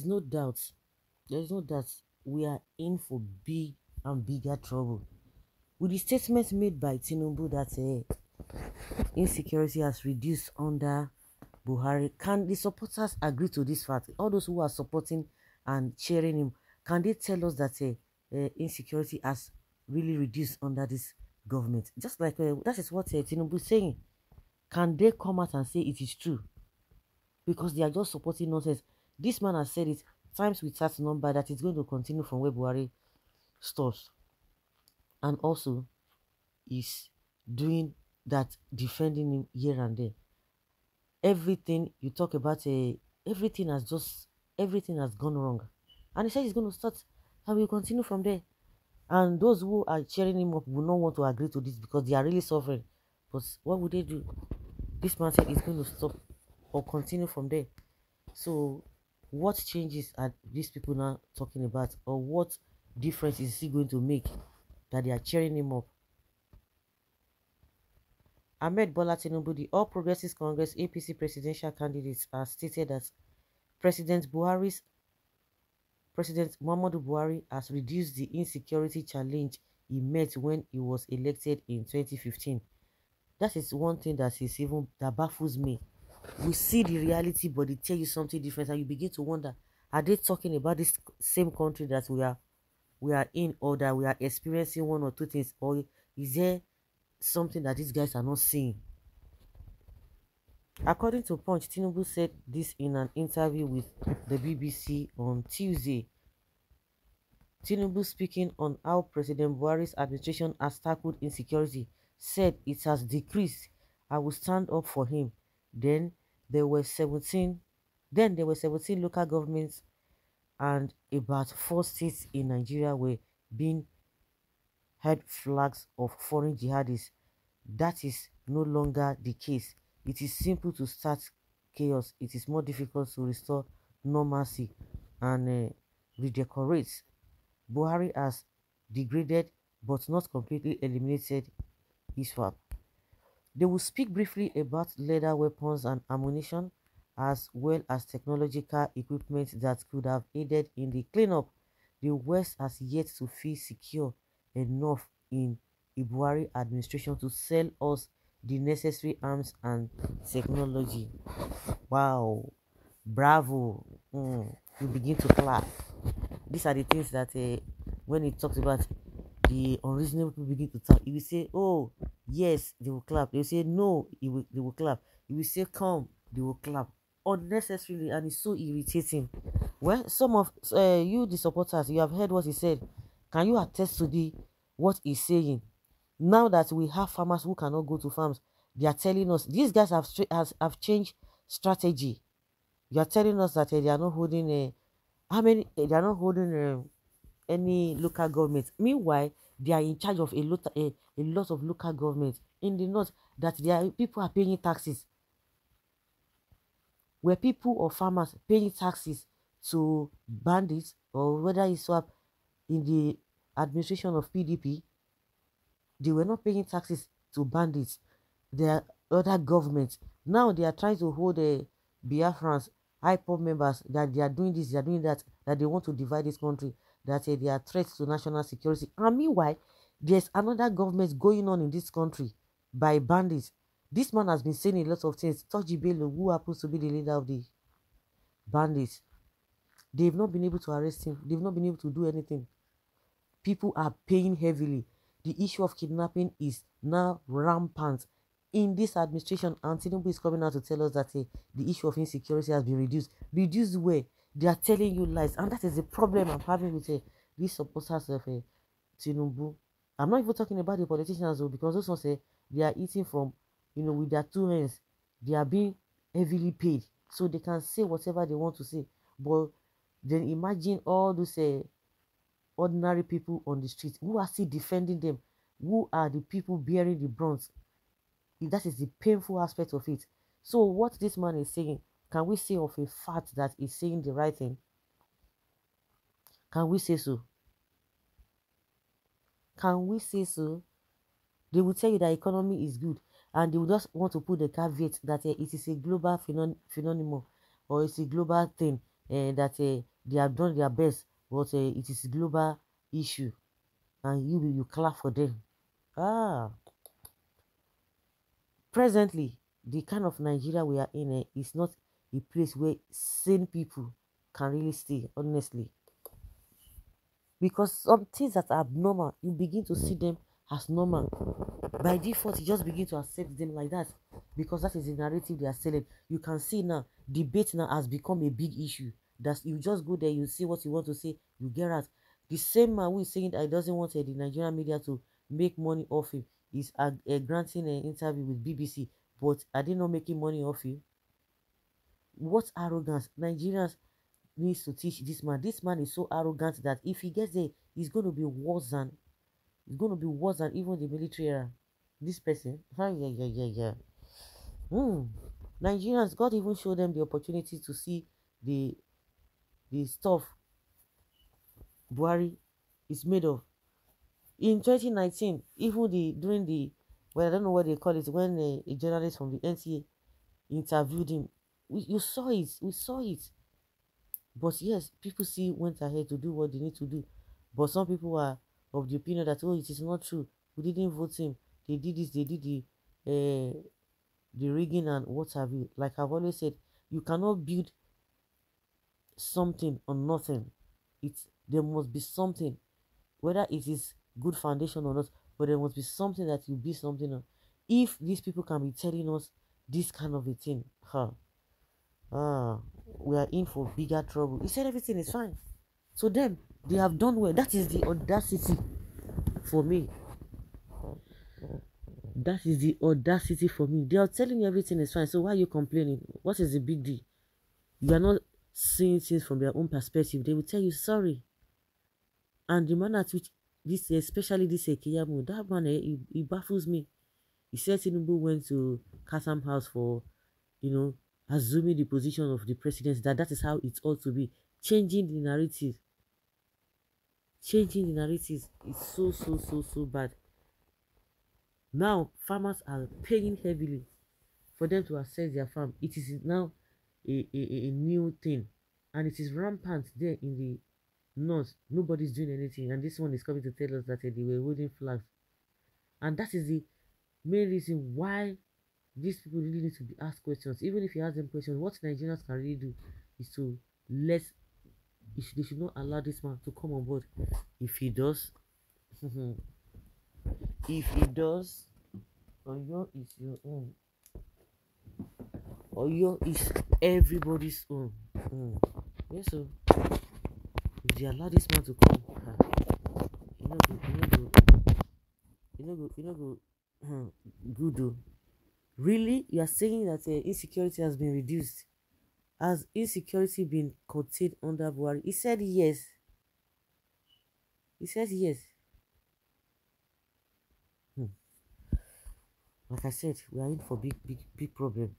is no doubt, there is no doubt we are in for big and bigger trouble. With the statements made by Tinubu that uh, insecurity has reduced under Buhari, can the supporters agree to this fact? All those who are supporting and cheering him, can they tell us that uh, uh, insecurity has really reduced under this government? Just like that is what Tinubu is saying. Can they come out and say it is true? Because they are just supporting nonsense. This man has said it times with that number that it's going to continue from where Buhari stops. And also is doing that defending him here and there. Everything you talk about uh, everything has just everything has gone wrong. And he said he's gonna start and we'll continue from there. And those who are cheering him up will not want to agree to this because they are really suffering. But what would they do? This man said he's going to stop or continue from there. So what changes are these people now talking about or what difference is he going to make that they are cheering him up Ahmed Bola Tinubu, the All Progressives Congress APC presidential candidates, has stated that President Buhari's President Muhammadu Buhari has reduced the insecurity challenge he met when he was elected in 2015. That is one thing that is even that baffles me. we see the reality, but they tell you something different, and you begin to wonder: Are they talking about this same country that we are, we are in, or that we are experiencing one or two things, or is there something that these guys are not seeing? According to Punch, Tinubu said this in an interview with the BBC on Tuesday. Tinubu speaking on how President Buhari's administration has tackled insecurity, said it has decreased. I will stand up for him. Then there were 17 then there were 17 local governments and about four states in Nigeria were being head flags of foreign jihadists. That is no longer the case. It is simple to start chaos. It is more difficult to restore normalcy and uh, redecorate. Buhari has degraded but not completely eliminated ISWAP. They will speak briefly about leather weapons and ammunition, as well as technological equipment that could have aided in the cleanup. The West has yet to feel secure enough in Ibuari administration to sell us the necessary arms and technology. Wow, bravo! Mm. You begin to clap. These are the things that uh, when it talks about the unreasonable people begin to talk, you will say, "Oh, yes they will clap they will say no will, they will clap if will say come they will clap unnecessarily and it's so irritating well some of uh, you the supporters you have heard what he said can you attest to the what he's saying now that we have farmers who cannot go to farms they are telling us these guys have has, have changed strategy you are telling us that uh, they are not holding a uh, eh, how many uh, they are not holding uh, any local government meanwhile they are in charge of a lot, a, a lot of local governments in the north that their people are paying taxes. where people or farmers paying taxes to bandits or whether it's up in the administration of PDP, they were not paying taxes to bandits. There are other governments. Now they are trying to hold the eh, Biafrans, ipo members that they are doing this, they are doing that, that they want to divide this country that uh, eh, they are threats to national security. And meanwhile, there's another government going on in this country by bandits. This man has been saying a lot of things. Toji Bello, who happens to be the leader of the bandits, they've not been able to arrest him. They've not been able to do anything. People are paying heavily. The issue of kidnapping is now rampant in this administration, and is coming out to tell us that uh, the issue of insecurity has been reduced. Reduced where? they are telling you lies and that is the problem i'm having with uh, eh, these supporters of uh, tinubu i'm not even talking about the politicians though because those ones uh, they are eating from you know with their two hands they are being heavily paid so they can say whatever they want to say but then imagine all those uh, ordinary people on the street who are still defending them who are the people bearing the brunt that is the painful aspect of it so what this man is saying Can we say of a fact that he's saying the right thing? Can we say so? Can we say so? They will tell you that economy is good, and they will just want to put the caveat that uh, it is a global phenomenon or it's a global thing uh, that uh, they have done their best, but uh, it is a global issue, and you you clap for them. Ah. Presently, the kind of Nigeria we are in uh, is not a place where sane people can really stay, honestly. Because some things that are abnormal, you begin to see them as normal. By default, you just begin to accept them like that because that is the narrative they are selling. You can see now, debate now has become a big issue. That you just go there, you see what you want to say, you get out. The same man who is saying that he doesn't want uh, the Nigerian media to make money off him is uh, uh, granting an interview with BBC, but are they not making money off you. What arrogance Nigerians needs to teach this man. This man is so arrogant that if he gets there, he's going to be worse than, he's going to be worse than even the military era. This person, ah, yeah, yeah, yeah, yeah. Mm. Nigerians, God even showed them the opportunity to see the, the stuff Buhari is made of. In 2019, even the during the well, I don't know what they call it when a, a journalist from the NCA interviewed him we, you saw it, we saw it. But yes, people see went ahead to do what they need to do. But some people are of the opinion that oh, it is not true. We didn't vote him. They did this. They did the uh, the rigging and what have you. Like I've always said, you cannot build something on nothing. It's there must be something, whether it is good foundation or not. But there must be something that you build something on. If these people can be telling us this kind of a thing, huh? ah, we are in for bigger trouble. He said everything is fine. So them, they have done well. That is the audacity for me. That is the audacity for me. They are telling you everything is fine. So why are you complaining? What is the big deal? You are not seeing things from their own perspective. They will tell you sorry. And the manner at which this, especially this Ekiyamu, that man, eh, he, he baffles me. He said Tinubu went to Kasam House for, you know, assuming the position of the president that that is how it ought to be changing the narrative changing the narrative is so so so so bad now farmers are paying heavily for them to access their farm it is now a a a new thing and it is rampant there in the north nobody's doing anything and this one is coming to tell us that uh, they were holding flags and that is the main reason why These people really need to be asked questions. Even if you ask them questions, what Nigerians can really do is to let should, they should not allow this man to come on board. If he does, if he does, Oyo is your own. Oyo is everybody's own. Mm. Yes, so if they allow this man to come, you know, you know, you know, you know, you know, hmm, good. Really? You are saying that uh, insecurity has been reduced? Has insecurity been contained under Buhari? He said yes. He says yes. Hmm. Like I said, we are in for big, big, big problem.